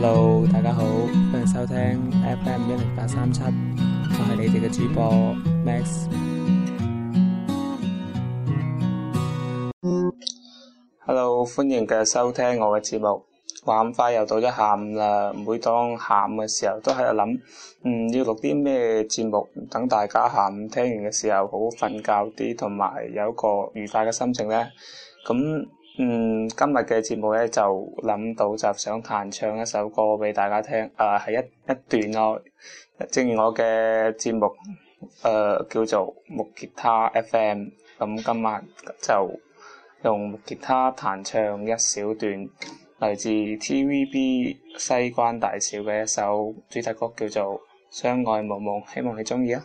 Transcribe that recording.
hello，大家好，歡迎收聽 FM 一零八三七，我係你哋嘅主播 Max。hello，歡迎繼續收聽我嘅節目。話咁快又到咗下午啦，每當下午嘅時候都喺度諗，嗯，要錄啲咩節目，等大家下午聽完嘅時候好瞓覺啲，同埋有一個愉快嘅心情咧。咁嗯，今日嘅節目咧就諗到就想彈唱一首歌俾大家聽，誒、呃、係一一段咯、哦。正如我嘅節目誒、呃、叫做木吉他 F.M.，咁今日就用木吉他彈唱一小段嚟自 T.V.B. 西關大少嘅一首主題曲，叫做《相愛無夢》，希望你中意啊！